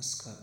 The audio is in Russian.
Аскар.